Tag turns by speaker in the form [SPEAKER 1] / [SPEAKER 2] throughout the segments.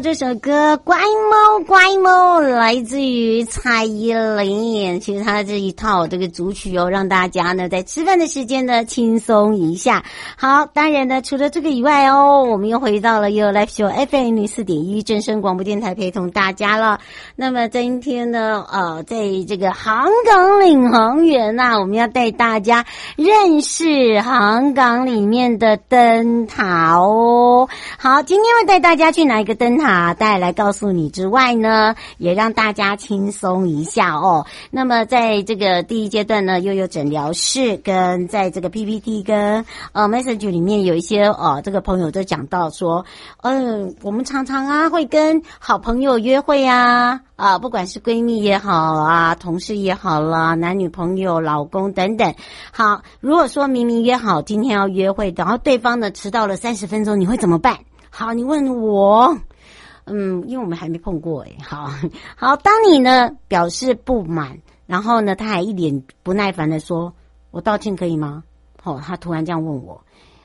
[SPEAKER 1] 這首歌《乖貓乖貓》來自於蔡依林，其實它這一套這個主曲哦，讓大家呢在吃飯的時間呢輕鬆一下。好，當然呢，除了這個以外哦，我們又回到了有 Life 秀 FM 零四點一真聲廣播電台，陪同大家了。那麼今天呢，呃，在這個航港領航員吶、啊，我們要帶大家認識航港裡面的燈塔哦。好，今天要帶大家去哪一個燈塔？卡帶來告訴你之外呢，也讓大家輕鬆一下哦。那麼，在這個第一階段呢，又有診療室跟在這個 PPT 跟呃 message 裡面有一些哦、呃，這個朋友都講到說，嗯、呃，我們常常啊會跟好朋友約會啊，啊、呃，不管是閨蜜也好啊，同事也好啦，男女朋友、老公等等。好，如果說明明約好今天要約會，然後對方呢遲到了三十分鐘，你會怎麼辦？好，你問我。嗯，因為我們還沒碰過欸，好好，當你呢表示不滿，然後呢他還一臉不耐煩的說：“我道歉可以嗎？”好、哦，他突然這樣問我。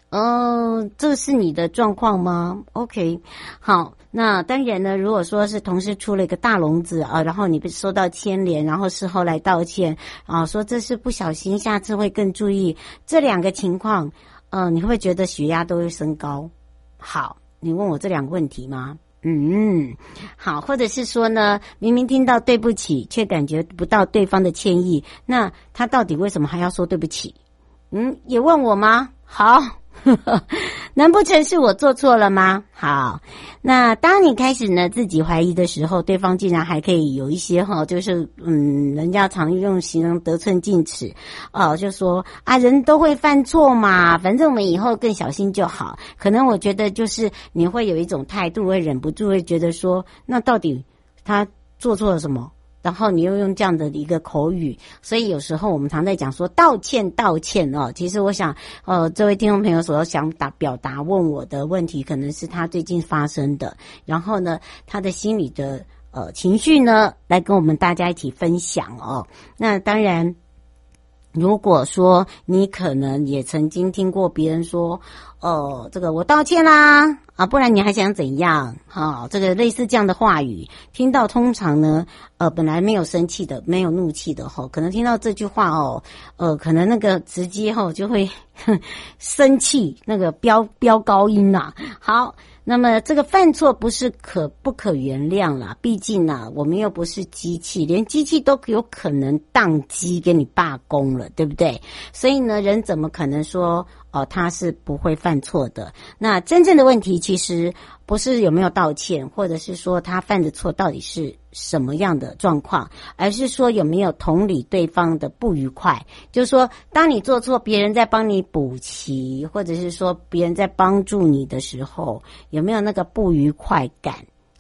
[SPEAKER 1] 嗯、呃，這是你的狀況嗎？OK，好，那當然呢，如果說是同事出了一個大籠子啊，然後你被受到牽連，然後事後來道歉啊，說這是不小心，下次會更注意。這兩個情況，嗯、呃，你會不會覺得血壓都會升高？好，你問我這兩個問題嗎？嗯，好，或者是說呢，明明聽到對不起，卻感覺不到對方的歉意，那他到底為什麼還要說對不起？嗯，也問我嗎？好。呵呵，難不成是我做錯了嗎？好，那當你開始呢，自己懷疑的時候，對方竟然還可以有一些哈、哦，就是嗯，人家常用形容得寸進尺哦，就說啊，人都會犯錯嘛，反正我們以後更小心就好。可能我覺得就是你會有一種態度，會忍不住會覺得說，那到底他做錯了什麼？然後你又用這樣的一個口語，所以有時候我們常在講說道歉道歉哦。其實我想，呃，這位聽眾朋友所想打表達問我的問題，可能是他最近發生的，然後呢，他的心理的呃情緒呢，來跟我們大家一起分享哦。那當然。如果說你可能也曾經聽過別人說，哦，這個我道歉啦，啊，不然你還想怎樣？哈、哦，這個類似這樣的話語，聽到通常呢，呃，本來沒有生氣的，沒有怒氣的、哦、可能聽到這句話哦，呃，可能那個直接哈、哦、就會哼、生氣，那個飆飆高音吶、啊，好。那麼這個犯錯不是可不可原諒啦，畢竟呢、啊，我們又不是機器，連機器都有可能當機給你罷工了，對不對？所以呢，人怎麼可能說？他是不會犯錯的。那真正的問題其實不是有沒有道歉，或者是說他犯的錯到底是什麼樣的狀況，而是說有沒有同理對方的不愉快。就是說，當你做錯，別人在幫你補齊，或者是說別人在幫助你的時候，有沒有那個不愉快感？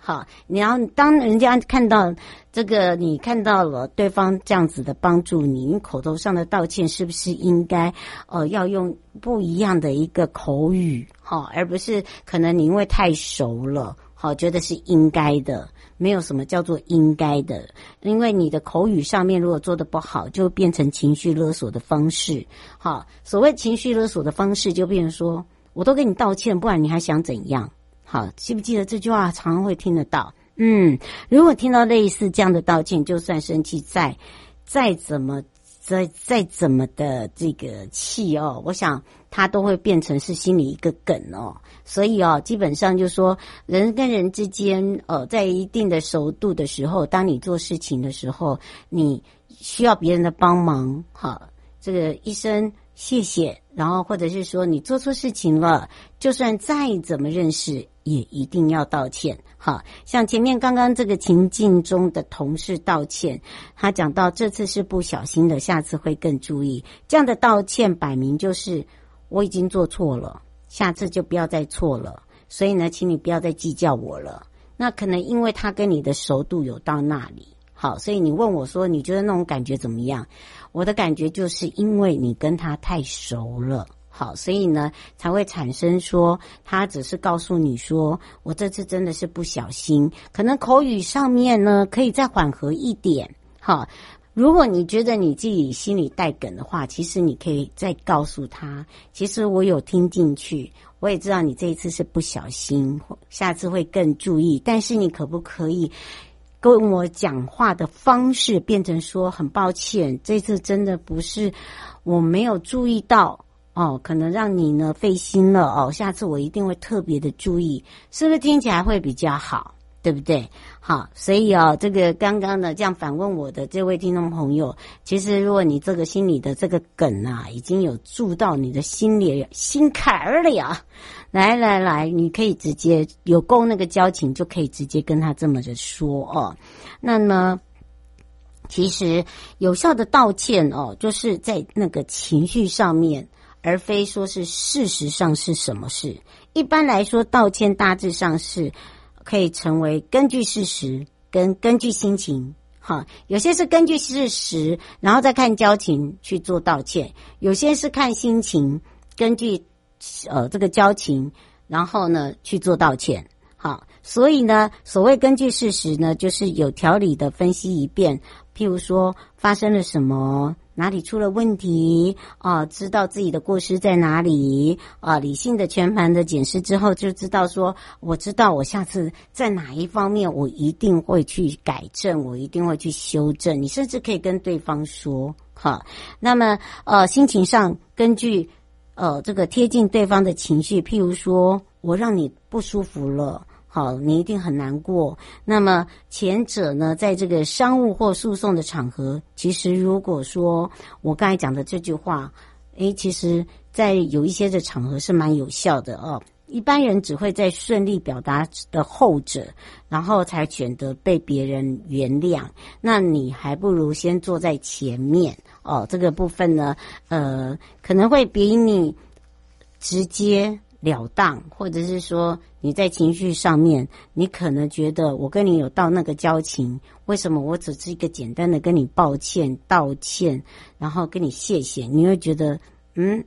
[SPEAKER 1] 好，你要當人家看到這個，你看到了對方這樣子的幫助，你口頭上的道歉是不是應該？呃、哦、要用不一樣的一個口語，哈、哦，而不是可能你因為太熟了，好、哦，覺得是應該的，沒有什麼叫做應該的，因為你的口語上面如果做得不好，就變成情緒勒索的方式，好、哦，所謂情緒勒索的方式，就變成說，我都跟你道歉，不然你還想怎樣？好，記不記得這句話？常常會聽得到。嗯，如果聽到類似這樣的道歉，就算生氣再再怎麼再再怎麼的這個氣哦，我想他都會變成是心裡一個梗哦。所以哦，基本上就說人跟人之間呃、哦，在一定的熟度的時候，當你做事情的時候，你需要別人的幫忙，哈，這個一聲謝謝，然後或者是說你做錯事情了，就算再怎麼認識。也一定要道歉，哈，像前面剛剛這個情境中的同事道歉，他講到這次是不小心的，下次會更注意。這樣的道歉擺明就是我已經做錯了，下次就不要再錯了。所以呢，請你不要再計較我了。那可能因為他跟你的熟度有到那裡，好，所以你問我說你覺得那種感覺怎麼樣？我的感覺就是因為你跟他太熟了。好，所以呢，才會產生說他只是告訴你說，我這次真的是不小心，可能口語上面呢可以再緩和一點。哈，如果你覺得你自己心裡帶梗的話，其實你可以再告訴他，其實我有聽進去，我也知道你這一次是不小心，下次會更注意。但是你可不可以跟我講話的方式變成說，很抱歉，這次真的不是我沒有注意到。哦，可能讓你呢費心了哦，下次我一定會特別的注意，是不是聽起來會比較好，對不對？好，所以哦，這個剛剛呢這樣反問我的這位聽眾朋友，其實如果你這個心裡的這個梗啊，已經有住到你的心裡心坎兒了呀，來來來，你可以直接有夠那個交情，就可以直接跟他這麼着說哦。那麼，其實有效的道歉哦，就是在那個情緒上面。而非說是事實上是什麼事。一般來說，道歉大致上是可以成為根據事實跟根據心情。哈，有些是根據事實，然後再看交情去做道歉；有些是看心情，根據呃這個交情，然後呢去做道歉。哈，所以呢，所謂根據事實呢，就是有條理的分析一遍，譬如說發生了什麼。哪裡出了問題啊、呃？知道自己的過失在哪裡啊、呃？理性的、全盤的檢視之後，就知道說，我知道我下次在哪一方面，我一定會去改正，我一定會去修正。你甚至可以跟對方說，哈，那麼呃，心情上根據呃這個貼近對方的情緒，譬如說我讓你不舒服了。好，你一定很難過。那麼前者呢，在這個商務或訴訟的場合，其實如果說我剛才講的這句話，誒，其實，在有一些的場合是蠻有效的哦。一般人只會在順利表達的後者，然後才選擇被別人原諒。那你還不如先坐在前面哦。這個部分呢，呃，可能會比你直接了當，或者是說。你在情緒上面，你可能覺得我跟你有到那個交情，為什麼我只是一個簡單的跟你抱歉、道歉，然後跟你謝謝？你會覺得嗯，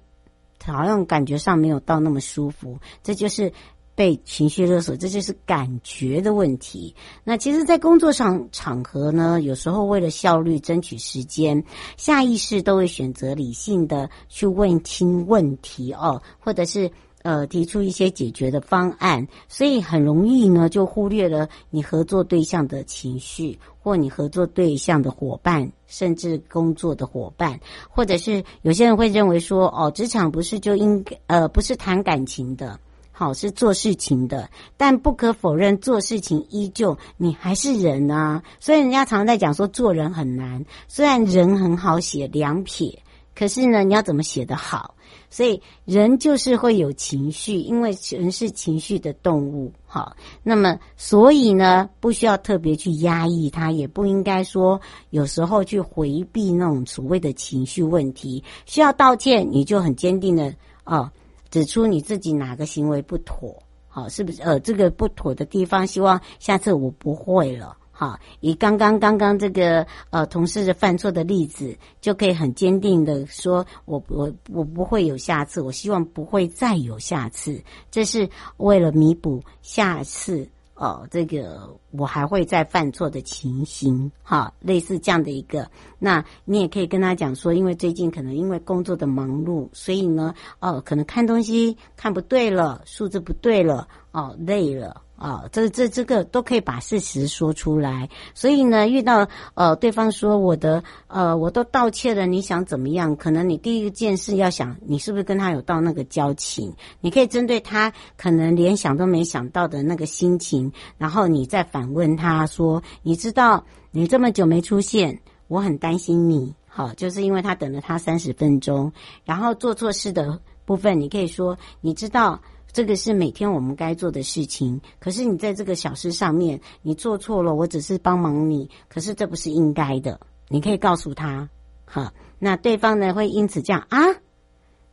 [SPEAKER 1] 好像感覺上沒有到那麼舒服。這就是被情緒勒索，這就是感覺的問題。那其實，在工作上場合呢，有時候為了效率、爭取時間，下意識都會選擇理性的去問清問題哦，或者是。呃，提出一些解決的方案，所以很容易呢就忽略了你合作對象的情緒，或你合作對象的夥伴，甚至工作的夥伴，或者是有些人會認為說，哦，職場不是就應該呃，不是談感情的，好是做事情的，但不可否認，做事情依舊你還是人啊，所以人家常在講說做人很難，雖然人很好寫兩撇。嗯可是呢，你要怎麼寫得好？所以人就是會有情緒，因為人是情緒的動物。好，那麼所以呢，不需要特別去壓抑它，也不應該說有時候去回避那種所謂的情緒問題。需要道歉，你就很堅定的啊，指出你自己哪個行為不妥。好，是不是？呃，這個不妥的地方，希望下次我不會了。好，以剛剛剛剛剛這個呃同事的犯錯的例子，就可以很堅定的說，我我我不會有下次，我希望不會再有下次。這是為了彌補下次哦、呃，這個我還會再犯錯的情形。好、呃，類似這樣的一個，那你也可以跟他講說，因為最近可能因為工作的忙碌，所以呢，哦、呃，可能看東西看不對了，數字不對了，哦、呃，累了。啊、哦，這這這個都可以把事實說出來。所以呢，遇到呃對方說我的呃我都道歉了，你想怎麼樣？可能你第一件事要想，你是不是跟他有到那個交情？你可以針對他可能連想都沒想到的那個心情，然後你再反問他說：“你知道你這麼久沒出現，我很擔心你。哦”好，就是因為他等了他三十分鐘，然後做錯事的部分，你可以說：“你知道。”這個是每天我們該做的事情。可是你在這個小事上面，你做錯了，我只是幫忙你，可是這不是應該的。你可以告訴他，哈，那對方呢會因此這樣啊，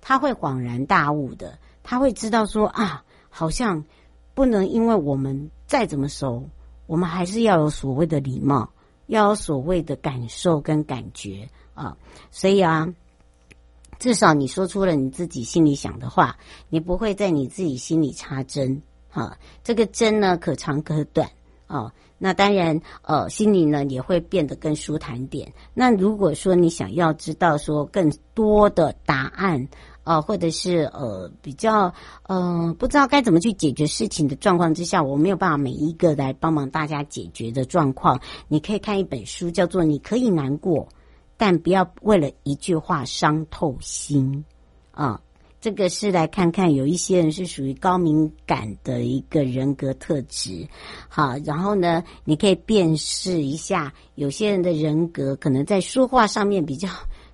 [SPEAKER 1] 他會恍然大悟的，他會知道說啊，好像不能因為我們再怎麼熟，我們還是要有所謂的禮貌，要有所謂的感受跟感覺啊，所以啊。至少你說出了你自己心裡想的話，你不會在你自己心裡插針，哈、啊，這個針呢可長可短哦、啊。那當然，呃，心裡呢也會變得更舒坦點。那如果說你想要知道說更多的答案，呃、啊，或者是呃比較呃不知道該怎麼去解決事情的狀況之下，我沒有辦法每一個來幫忙大家解決的狀況，你可以看一本書叫做《你可以難過》。但不要為了一句話傷透心啊！這個是來看看有一些人是屬於高敏感的一個人格特質，好、啊，然後呢，你可以辨識一下有些人的人格可能在說話上面比較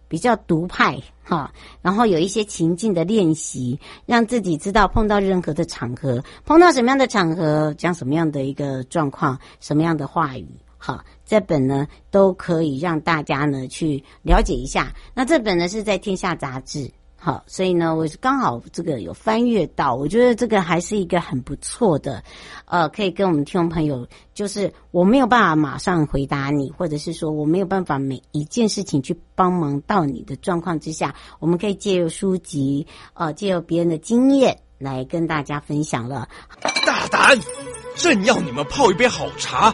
[SPEAKER 1] 比較獨派哈、啊，然後有一些情境的練習，讓自己知道碰到任何的場合，碰到什麼樣的場合，講什麼樣的一個狀況，什麼樣的話語。好，這本呢都可以讓大家呢去了解一下。那這本呢是在《天下》雜誌，好，所以呢我剛好這個有翻閱到，我覺得這個還是一個很不錯的，呃，可以跟我們聽眾朋友，就是我沒有辦法馬上回答你，或者是說我沒有辦法每一件事情去幫忙到你的狀況之下，我們可以借由書籍，呃，借由別人的經驗來跟大家分享了。大膽，朕要你們泡一
[SPEAKER 2] 杯好茶。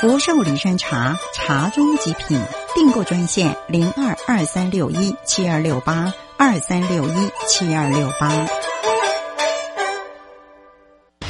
[SPEAKER 1] 福壽禮山茶，茶中極品。訂購專線：零二二三六一七二六八二三六一七二六八。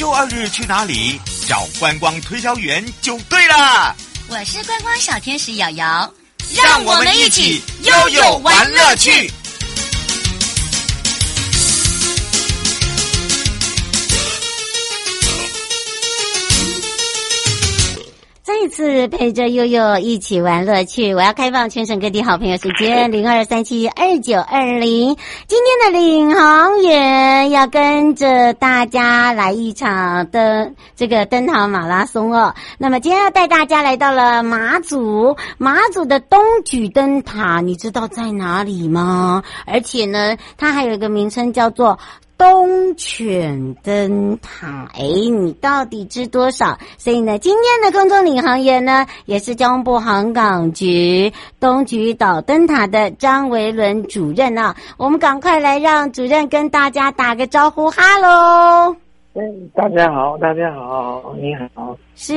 [SPEAKER 2] 週二日去哪裡找？觀光推銷員就對了。
[SPEAKER 1] 我是觀光小天使瑤瑤，讓我們一起
[SPEAKER 2] 悠悠
[SPEAKER 3] 玩樂趣。
[SPEAKER 1] 這次陪着悠悠一起玩樂趣，我要開放全省各地好朋友時間零二三七二九二零，今天的領航員要跟着大家來一場的這個燈塔馬拉松哦。那麼今天要帶大家來到了馬祖，馬祖的東莒燈塔，你知道在哪裡嗎？而且呢，它還有一個名稱叫做。東犬燈塔，哎，你到底知多少？所以呢，今天的空中領航員呢，也是交通部航港局東莒島燈塔的張維倫主任啊。我們趕快來讓主任跟大家打個招呼，哈嘍！哎，
[SPEAKER 3] 大家好，大家好，你
[SPEAKER 1] 好。是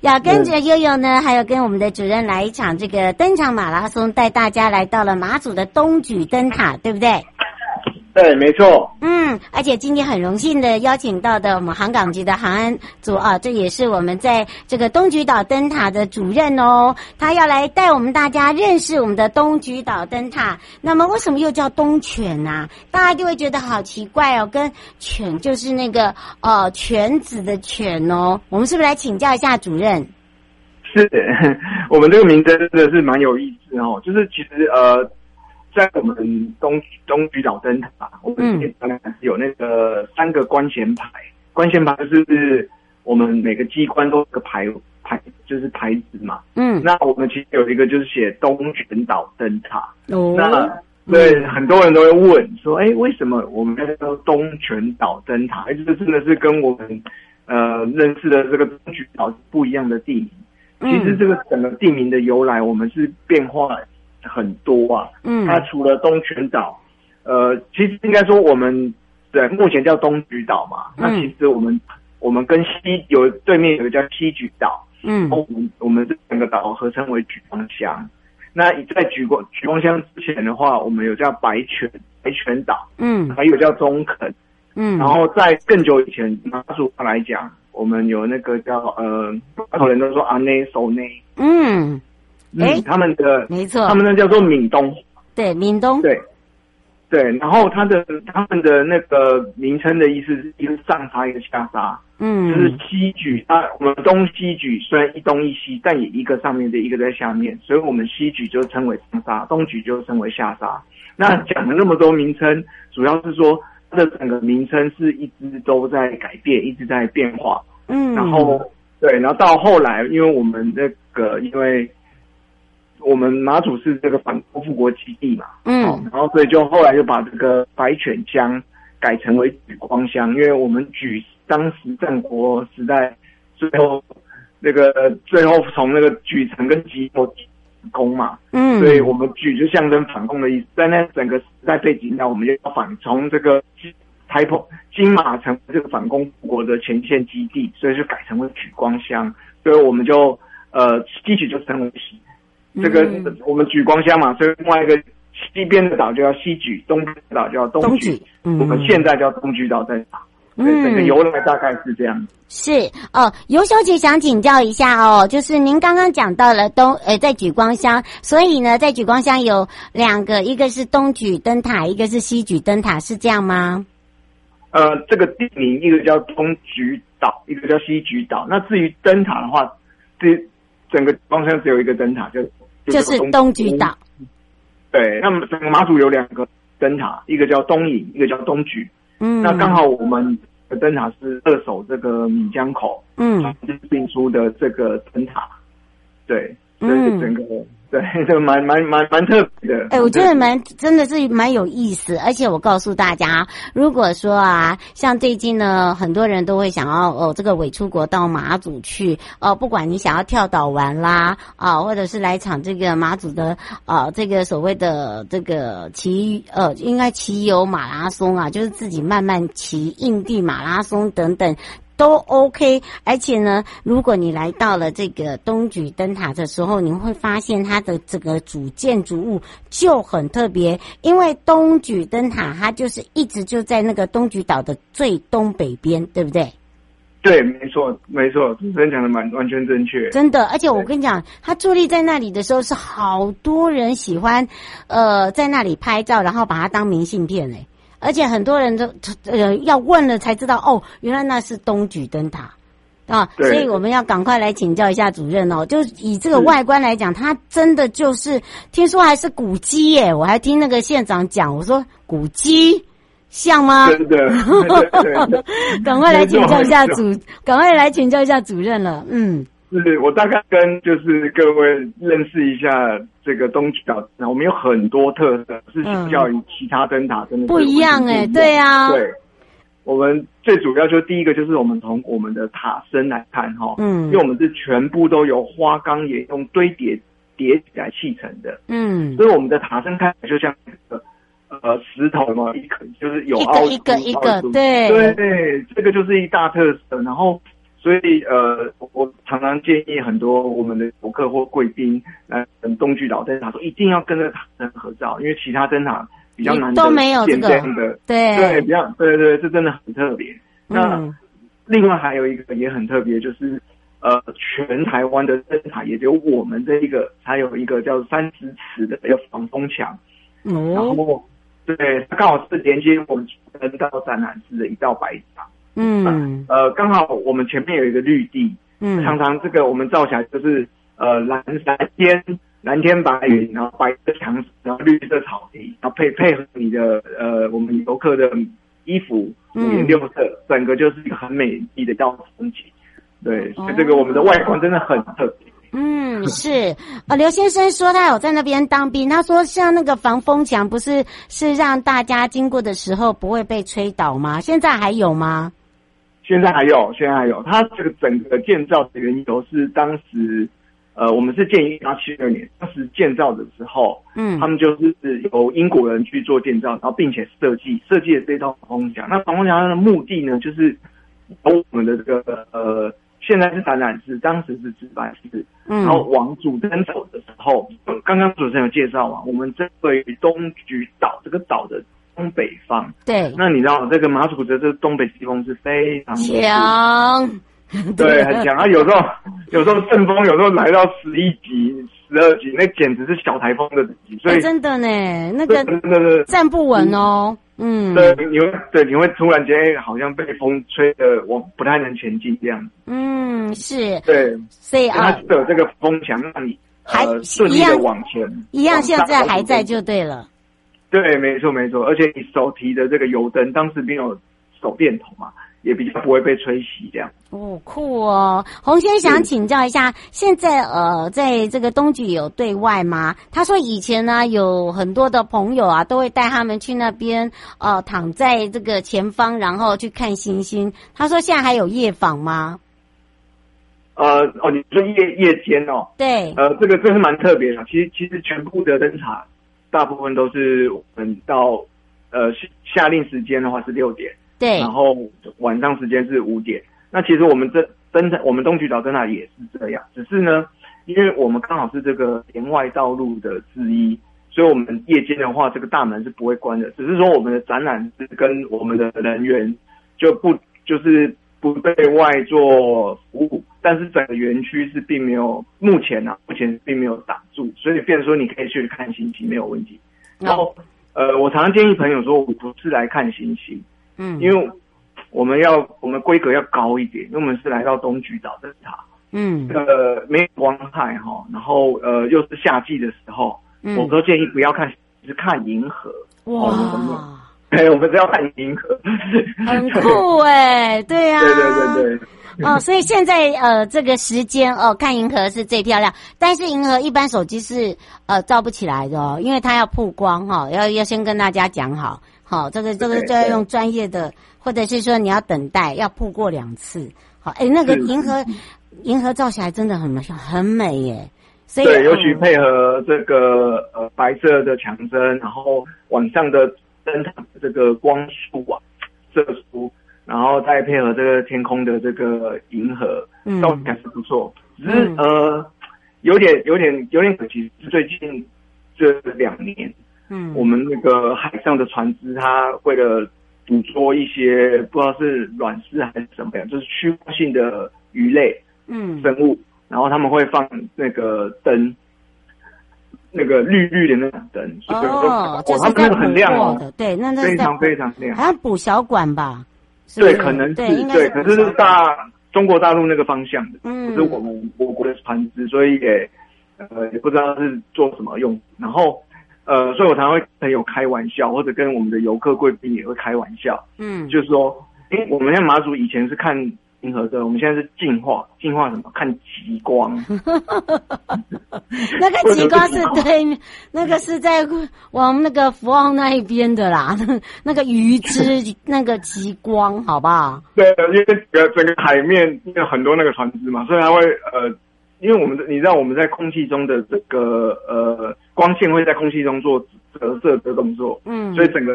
[SPEAKER 1] 要跟着 YOYO 呢，還有跟我們的主任來一場這個燈塔馬拉松，帶大家來到了馬祖的東莒燈塔，對不對？對，沒錯。嗯，而且今天很榮幸的邀請到的我們航港局的航安組啊，這也是我們在這個東莒島燈塔的主任哦，他要來帶我們大家認識我們的東莒島燈塔。那麼，為什麼又叫東犬呢、啊？大家就會覺得好奇怪哦，跟犬就是那個呃犬子的犬哦。我們是不是來請教一下主任？
[SPEAKER 2] 是，我們這個名字真的是蠻有意思哦，就是其實呃。在我們東東莒島燈塔，嗯、我們前邊當還是有那個三個關銜牌，關銜牌是我們每個機關都有一個牌牌，就是牌子嘛。嗯，那我們其實有一個就是寫東犬島燈塔。哦，那對、嗯，很多人都會問說，哎、欸，為什麼我們叫東犬島燈塔？哎，這真的是跟我們呃認識的這個東莒島不一樣的地名、嗯。其實這個整個地名的由來，我們是變化了。很多啊，嗯，它除了東泉島，呃，其實應該說我們對目前叫東莒島嘛，嗯、那其實我們我們跟西有對面有一個叫西莒島，嗯，後我後我們這兩個島合稱為莒光鄉。那在莒光莒光鄉之前的話，我們有叫白泉白泉島，嗯，還有叫中肯，嗯，然後在更久以前，馬祖話來講，我們有那個叫呃，大夥人都說阿內手內，嗯。哎、嗯欸，他們的沒錯，他們那叫做閩東，對，閩東，對，對。然後，他的他們的那個名稱的意思是一個上沙，一個下沙，嗯，就是西莒啊，我們東西莒，雖然一東一西，但也一個上面的一個在下面，所以，我們西莒就稱為上沙，東莒就稱為下沙。那講了那麼多名稱，嗯、主要是說它的整個名稱是一直都在改變，一直在變化。
[SPEAKER 3] 嗯，然後
[SPEAKER 2] 對，然後到後來，因為我們那個因為。我們馬祖是這個反共復國基地嘛，嗯，然後所以就後來就把這個白犬鄉改成為莒光鄉，因為我們莒當時戰國時代最後那個最後從那個莒城跟即墨攻嘛，
[SPEAKER 3] 嗯，所以我
[SPEAKER 2] 們莒就象徵反共的意思，在那整個時代背景下，我們就要反從這個台澎金馬成為這個反共復國的前線基地，所以就改成為莒光鄉，所以我們就呃地名就稱為。這個我們莒光鄉嘛，嗯，所以另外一個西邊的島就叫西莒，東邊的島就叫東莒、莒，嗯。我們現在叫東莒島在島，嗯，這個由來大概是這樣。
[SPEAKER 1] 是哦，尤小姐想請教一下哦，就是您剛剛講到了東，呃，在莒光鄉，所以呢，在莒光鄉有兩個，一個是東莒燈塔，一個是西莒燈塔，是這樣嗎？
[SPEAKER 2] 呃，這個地名，一個叫東莒島，一個叫西莒島。那至於燈塔的話，這。整個東山只有一個燈塔，就就是東莒島。對，那麼整個馬祖有兩個燈塔，一個叫東引，一個叫東莒。
[SPEAKER 3] 嗯，那剛好我
[SPEAKER 2] 們的燈塔是扼守這個閩江口，嗯，是進出的這個燈塔。對，所以整個。嗯對，就蠻蠻蠻蠻，蠻特別的。誒、欸、我覺得
[SPEAKER 1] 蠻真的是蠻有意思，而且我告訴大家，如果說啊，像最近呢，很多人都會想要哦，這個偽出國，到馬祖去哦，呃，不管你想要跳島玩啦，啊，呃，或者是來一場這個馬祖的啊，呃，這個所謂的這個騎呃，應該騎遊馬拉松啊，就是自己慢慢騎印地馬拉松等等。都 OK，而且呢，如果你來到了這個東莒燈塔的時候，你會發現它的這個主建築物就很特別，因為東莒燈塔它就是一直就在那個東莒島的最東北邊，對不對？
[SPEAKER 2] 對，沒錯，沒錯，主持人講的蠻完全正確，真
[SPEAKER 1] 的。而且我跟你講，它佇立在那裡的時候，是好多人喜歡，呃，在那裡拍照，然後把它當明信片呢、欸。而且很多人都呃要問了才知道哦，原來那是東莒燈塔啊，所以我們要趕快來請教一下主任哦。就以這個外觀來講，它、嗯、真的就是聽說還是古蹟耶，我還聽那個縣長講，我說古蹟像嗎？對，對，對，對，對 趕，快 趕快來請教一下主，趕快來請教一下主任了，嗯。
[SPEAKER 2] 是，我大概跟就是各位認識一下這個東莒島，那我們有很多特色是相較於其他燈塔真的、嗯、不一樣哎、欸，對呀、啊，對，我們最主要就第一個就是我們從我們的塔身來看哈，嗯，因為我們是全部都由花崗岩用堆疊疊起來砌成的，嗯，所以我們的塔身看起來就像呃石頭嘛，一，就是有凹凸，一個，一個一個，對對對，這個就是一大特色，然後。所以，呃，我常常建議很多我們的遊客或貴賓來跟東莒島燈塔，說一定要跟着他們合照，因為其他燈塔比較難得都沒有這樣、個、的，對對，比較對對，這真的很特別、嗯。那另外還有一個也很特別，就是呃，全台灣的燈塔也只有我們這一個，才有一個叫三十尺的，叫防風牆、嗯，然後對，剛好是連接我們人到展覽室的一道白牆。嗯，呃，剛好我們前面有一個綠地，嗯，常常這個我們照起來就是呃藍藍天藍天白雲，然後白色牆，然後綠色草地，然後配配合你的呃我們遊客的衣服五顏六色,綠色、嗯，整個就是一個很美麗的交通風景。對，哦、所以這個我們的外觀真的很特別。嗯，
[SPEAKER 1] 是呃，劉先生說他有在那邊當兵，他說像那個防風牆不是是讓大家經過的時候不會被吹倒嗎？現在還有
[SPEAKER 2] 嗎？現在還有，現在還有，它這個整個建造的原因都是當時，呃，我們是建於一八七二年，當時建造的時候，嗯，他們就是由英國人去做建造，然後並且設計設計了這套防風牆。那防風牆的目的呢，就是從我們的這個呃，現在是展覽室，當時是值班室。嗯、然後往主燈走的時候，剛剛主持人有介紹啊，我們針對東莒島這個島的。東北方。對，那你知道這個馬祖的這東北季風，是非常強，對，很強。啊，有時候有時候陣風，有時候來到十一級、十二級，那簡直是小台風的等級。所以、欸、真的呢，那個真的站
[SPEAKER 1] 不穩哦。嗯，對，
[SPEAKER 2] 你會對你會突然間好像被風吹的，我不太能前進這樣。嗯，
[SPEAKER 1] 是，對，所以，所
[SPEAKER 2] 以它有這個風牆，讓你還順、呃、利的往前。一樣，一樣像現在還在就對了。對，沒錯沒錯，而且你手提的這個油燈，當時沒有手電筒嘛，也比較不會被吹熄這樣。
[SPEAKER 1] 哦，酷哦！洪先想請教一下，現在呃，在這個東莒有對外嗎？他說以前呢、啊，有很多的朋友啊，都會帶他們去那邊，呃，躺在這個前方，然後去看星星。他說現在還有夜訪嗎？
[SPEAKER 2] 呃，哦，你說夜夜間哦？對。呃，這個真的蠻特別的，其實其實全部的燈塔。大部分都是，我們到，呃，夏令時間的話是六點，對，然後晚上時間是五點。那其實我們這燈塔我們東莒島燈塔也是這樣。只是呢，因為我們剛好是這個連外道路的之一，所以我們夜間的話，這個大門是不會關的。只是說我們的展覽是跟我們的人員就不就是不對外做服務。但是整個園區是並沒有，目前呢、啊，目前並沒有擋住，所以變成說你可以去看星星，沒有問題。然後，呃，我常常建議朋友說，我不是來看星星，嗯，因為我們要我們規格要高一點，因為我們是來到東莒島燈塔，
[SPEAKER 3] 嗯，呃，
[SPEAKER 2] 沒有光害哈，然後呃，又是夏季的時候，我都建議不要看，是看銀河，哇，哎，我們是要看銀河， 很酷
[SPEAKER 1] 哎、欸，對呀、啊，對對
[SPEAKER 2] 對，對。哦，
[SPEAKER 1] 所以現在呃，這個時間哦，看銀河是最漂亮。但是銀河一般手機是呃照不起來的、哦，因為它要曝光哈、哦，要要先跟大家講好，好、哦、這個這個就要用專業的，或者是說你要等待，要曝過兩次。好、哦，哎,那個銀河銀河照起來真的很美很美耶所以很。對，尤其
[SPEAKER 2] 配合這個呃白色的牆身，然後晚上的燈塔的這個光束啊射出。然後再配合這個天空的這個銀河，嗯，到底還是不錯。只是、嗯、呃，有點、有點、有點可惜。是最近這兩年，嗯，我們那個海上的船隻，它為了捕捉一些、嗯、不知道是卵絲還是什麼樣，就是趨光性的魚類，嗯，
[SPEAKER 3] 生
[SPEAKER 2] 物，然後他們會放那個燈，那個綠綠的那種燈，所以就、哦哦、這是那種很亮的，對，那那非常非常亮，好
[SPEAKER 1] 像捕小管吧。
[SPEAKER 2] 是是對，可能是對，對，對，可是，是大中國大陸那個方向的，不、嗯、是我們我國的船只，所以也呃也不知道是做什麼用。然後呃，所以我常常會跟朋友開玩笑，或者跟我們的遊客貴賓也會開玩笑，嗯，就是說，因為我們像馬祖以前是看。銀河對，我們現在是進化，進化什麼？看極光。
[SPEAKER 1] 那個極光是對， 那個是在往那個福澳那一邊的啦。那、那個魚之那個極光，好不
[SPEAKER 3] 好？
[SPEAKER 2] 對，因為整個，整個海面有很多那個船隻嘛，所以它會呃，因為我們你知道我們在空氣中的這個呃光線會在空氣中做折射的動作，嗯，所以整個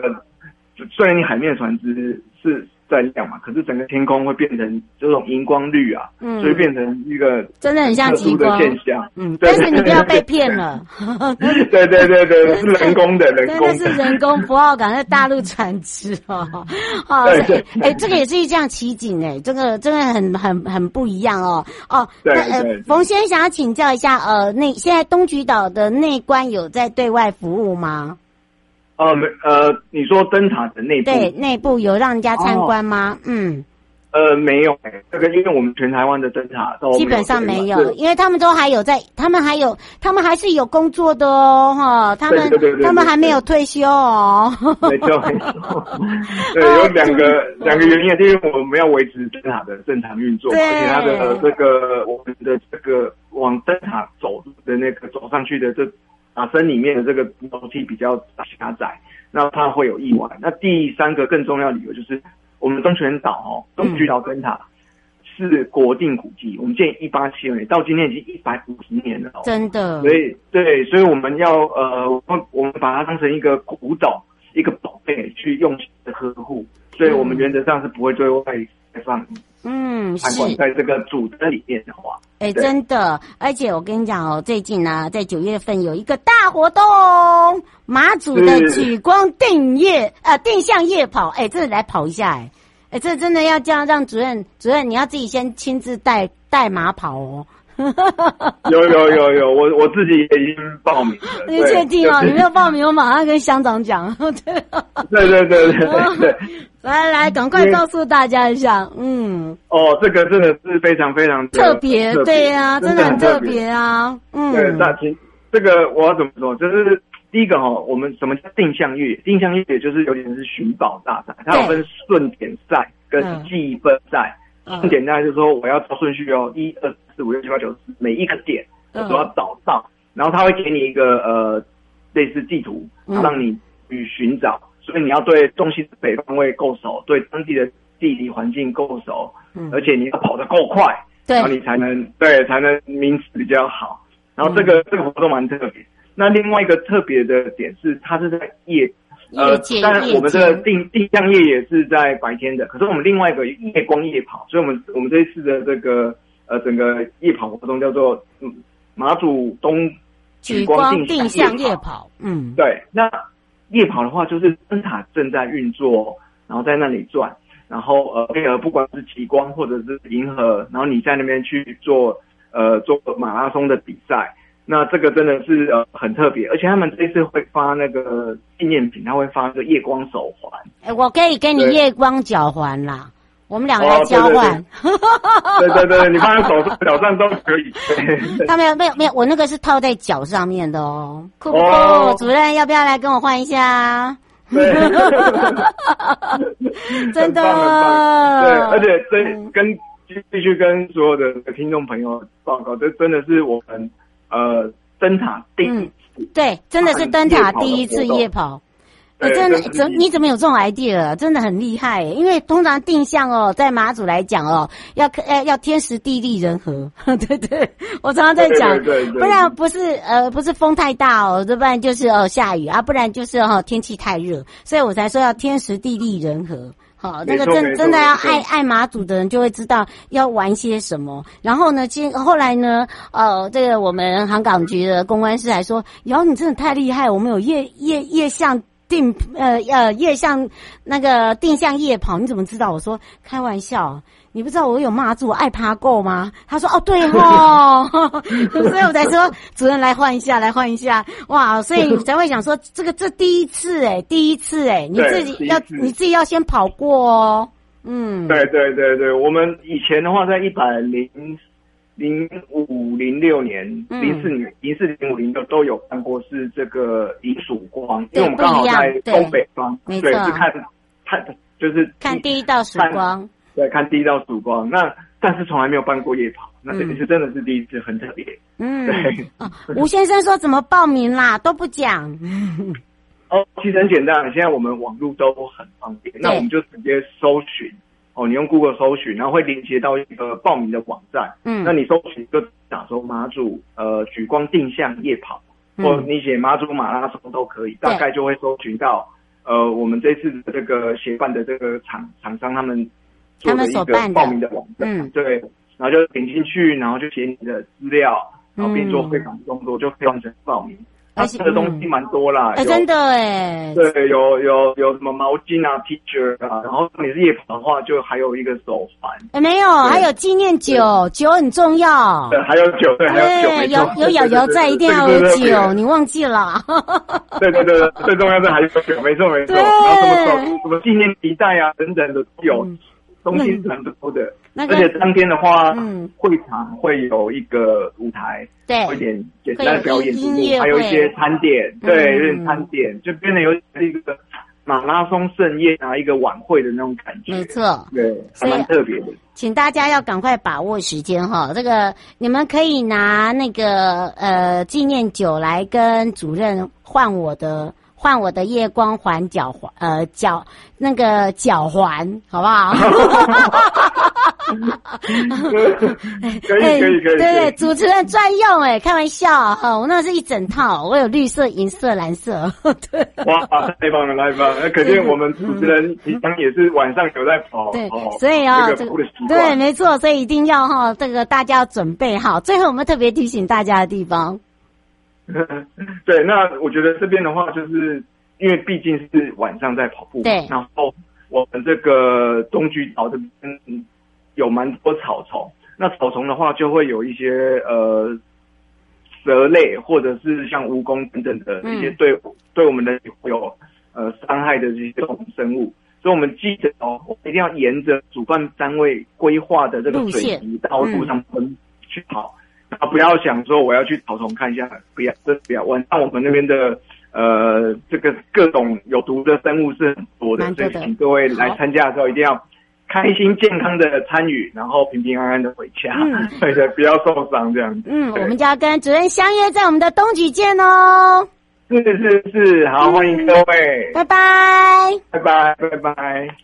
[SPEAKER 2] 雖然你海面船隻是。在亮嘛？可是整個天空會變成這種熒光綠啊、嗯，所以變成一個的真的很像極光的現象。嗯，但是你不要被
[SPEAKER 1] 騙了。
[SPEAKER 2] 對對對， 對，對，對， 對對對，是人工的，人工是人工。
[SPEAKER 1] 福澳港在大陸船隻啊，對對，哎、欸，這個也是一項奇景。哎、欸，這個真的很很很不一樣哦、喔、哦、喔。對對，對、呃，馮先想要請教一下，呃，那現在東莒島的內關有在對外服務嗎？
[SPEAKER 2] 呃，沒，呃，你說燈塔的內部，對，內
[SPEAKER 1] 部有讓人家參觀嗎、哦？嗯，
[SPEAKER 2] 呃，沒有，哎，這個，因為我們全台灣的燈塔都有基本上沒有，因
[SPEAKER 1] 為他們都還有在，他們還有，他們還是有工作的哦，哈，他們對對對對對，他們還沒有退休、哦，沒有退休，
[SPEAKER 2] 對，有兩個，兩、啊、個原因，是因為我們要維持燈塔的正常運作，對，而且它的這個，我們的這個往燈塔走的那個走上去的這個。塔、啊、身裡面的這個樓梯比較狹窄，那它會有意外，嗯。那第三個更重要的理由就是，我們東莒島哦，東莒島燈塔是國定古蹟，嗯，我們建一八七零年，到今天已經一百五十年了哦，嗯。真的。所以對，所以我們要呃，我我們把它當成一個古董，一個寶貝去用心的呵護，所以我們原則上是不會對外開放。嗯嗯，是，在這
[SPEAKER 1] 個組的裡面的話，哎，真的，而且我跟你講哦，最近呢、啊，在九月份有一個大活動，馬祖的舉光定夜啊定向夜跑，哎、欸，這的來跑一下、欸，哎，哎，這真的要叫讓主任主任你要自己先親自帶帶馬跑哦。
[SPEAKER 2] 有有有有，我我自己也已經報名了。你確定嗎？就是、 你沒
[SPEAKER 1] 有報名，我馬上跟鄉長講、哦。對對
[SPEAKER 2] 對對對
[SPEAKER 1] 對、哦，來來，趕快告訴大家一下。嗯，
[SPEAKER 2] 哦，這個真的是非常非常特別，對呀、啊，真的很特別啊
[SPEAKER 1] 特別。嗯，對，
[SPEAKER 2] 那這個我要怎麼說？就是第一個哈，我們什麼叫定向越野？定向越野就是有點是尋寶大賽，它有分順點賽跟積分賽。順、嗯嗯、點賽就是說我要找順序哦，一二。四五六七八九，每一個點，我都要找到、嗯。然後他會給你一個呃，類似地圖，讓你去尋找、嗯。所以你要對東西北方位夠熟，對當地的地理環境夠熟、嗯，而且你要跑得夠快、嗯，然後你才能對，對才能名次比較好。然後這個、嗯、這個活動蠻特別。那另外一個特別的點是，它是在夜，夜呃夜，但我們的定定向夜也是在白天的。可是我們另外一個夜光夜跑，所以我們我們這一次的這個。呃，整個夜跑活動叫做嗯，馬祖東，極光定向夜
[SPEAKER 3] 跑。嗯，
[SPEAKER 2] 對。那夜跑的話，就是燈塔正在運作，然後在那裡轉，然後呃，配合不管是極光或者是銀河，然後你在那邊去做呃做馬拉松的比賽，那這個真的是呃很特別。而且他們這次會發那個紀念品，他會發一個夜光手環。
[SPEAKER 1] 哎、欸，我可以給你夜光腳環啦。我們兩個在交換、哦，對對
[SPEAKER 2] 對，你放在手上腳上都可以。對對，他
[SPEAKER 1] 沒有沒有沒有，我那個是套在腳上面的哦。酷不酷、哦、主任，要不要來跟我換一下？對對對對 真
[SPEAKER 2] 的、哦，對，而且跟必須跟所有的聽眾朋友報告，這真的是我們呃燈塔第、嗯、
[SPEAKER 1] 對，真的是燈塔、嗯、塔第一次夜跑。
[SPEAKER 2] 你真的，怎你怎
[SPEAKER 1] 麼有這種 idea？、啊、真的很厲害、欸，因為通常定向哦、喔，在馬祖來講哦、喔，要可哎、欸、要天時地利人和，呵呵對，對對，我常常在講，對對對對不然不是呃不是風太大哦、喔，這不然就是哦、呃、下雨啊，不然就是哦天氣太熱，所以我才說要天時地利人和。好、喔，那個真真的要愛愛馬祖的人就會知道要玩些什麼。然後呢，今後來呢，哦、呃，這個我們航港局的公關室還說：“瑤、呃，你真的太厲害，我們有夜夜夜向。”定呃呃夜向那個定向夜跑，你怎麼知道？我說開玩笑，你不知道我有馬祖我愛趴夠嗎？他說哦對哦，
[SPEAKER 3] 對 所以我才說
[SPEAKER 1] 主任來換一下，來換一下，哇！所以才會想說這個這第一次誒，第一次誒，你自己要你自己要，你自己要先跑過哦，嗯，對
[SPEAKER 2] 對對對，我們以前的話在一百零。零五零六年，零四年，零四零五零六都有辦過，是這個迎曙光，因為我們剛好在東北方，對，是看，看就是看第一
[SPEAKER 1] 道曙光，
[SPEAKER 2] 對，看第一道曙光。那但是從來沒有辦過夜跑，嗯、那這這是真的是第一次，很特別。嗯，對。吳、呃、先生
[SPEAKER 1] 說怎麼報名啦都不講，
[SPEAKER 2] 哦，其實很簡單，現在我們網絡都很方便，那我們就直接搜尋。哦，你用 Google 搜尋，然後會連接到一個報名的網站。嗯，那你搜尋就打“馬祖”，呃、曙光定向夜跑，嗯，或者你寫“馬祖馬拉松”都可以，嗯，大概就會搜尋到呃，我們這次的這個協辦的這個廠廠商他們
[SPEAKER 3] 做的一個報名的
[SPEAKER 2] 網站。嗯，對，嗯，然後就點進去，然後就寫你的資料，
[SPEAKER 3] 然後並做會
[SPEAKER 2] 場動作，就可以完成報名。嗯吃、啊、的、嗯、欸、東西蠻多啦，欸、真的哎，對，有有有什麼毛巾啊、T 恤啊，然後你是夜跑的話，就還有一個手環、
[SPEAKER 1] 欸。沒有，還有紀念酒，酒很重要對。
[SPEAKER 2] 對，還有酒，對，還有酒。有有有 yoyo 在對對對，一定要有酒，
[SPEAKER 1] 你忘記了啦？
[SPEAKER 2] 對對對， 對，對，對最重要的是還有酒，沒錯沒錯。然後什麼手什麼紀念皮帶啊，等等的有、嗯，東西蠻多的。嗯那而且當天的話，嗯，會場會有一個舞台，嗯、對，會點簡單的表演節目還有一些餐點，嗯、對，有點餐點，就變得有是一個馬拉松盛宴啊，一個晚會的那種感覺，沒、嗯、錯，對，還蠻特別
[SPEAKER 1] 的。請大家要趕快把握時間哈、哦，這個你們可以拿那個呃紀念酒來跟主任換我的。換我的夜光環、腳環，呃，腳那個腳環，好不好？
[SPEAKER 3] 可以，hey, 可以，可以。對，主持人
[SPEAKER 1] 專用，哎， 開玩笑哈、啊 哦，我那是一整套，我有綠色、銀色、 藍色。對，太棒 了，
[SPEAKER 2] 太棒了。那肯定我們主持人平常也是晚上有在跑。對、嗯嗯哦，所以啊，這個、這個、對，
[SPEAKER 1] 沒錯，所以一定要哈、哦，這個大家要準備好。最後，我們特別提醒大家的地方。
[SPEAKER 2] 對，那我覺得這邊的話，就是因為畢竟是晚上在跑步，對。然後我們這個東莒島這邊有蠻多草叢，那草叢的話就會有一些呃蛇類或者是像蜈蚣等等的一些對、嗯、對我們的有呃傷害的這些動生物，所以我們記得哦，一定要沿着主辦單位規劃的這個水泥道路上分去跑。啊，不要想說我要去草叢看一下，不要，真不要。問。那我們那邊的，呃，這個各種有毒的生物是很多的，的所以請各位來參加的時候一定要開心健康的參與，然後平平安安的回家，嗯、 對的，不要受傷這樣子。嗯，嗯我們
[SPEAKER 1] 就要跟主任相約在我們的東莒見哦。
[SPEAKER 2] 是是是，好，歡迎各位，嗯、拜
[SPEAKER 3] 拜，
[SPEAKER 2] 拜拜，拜拜。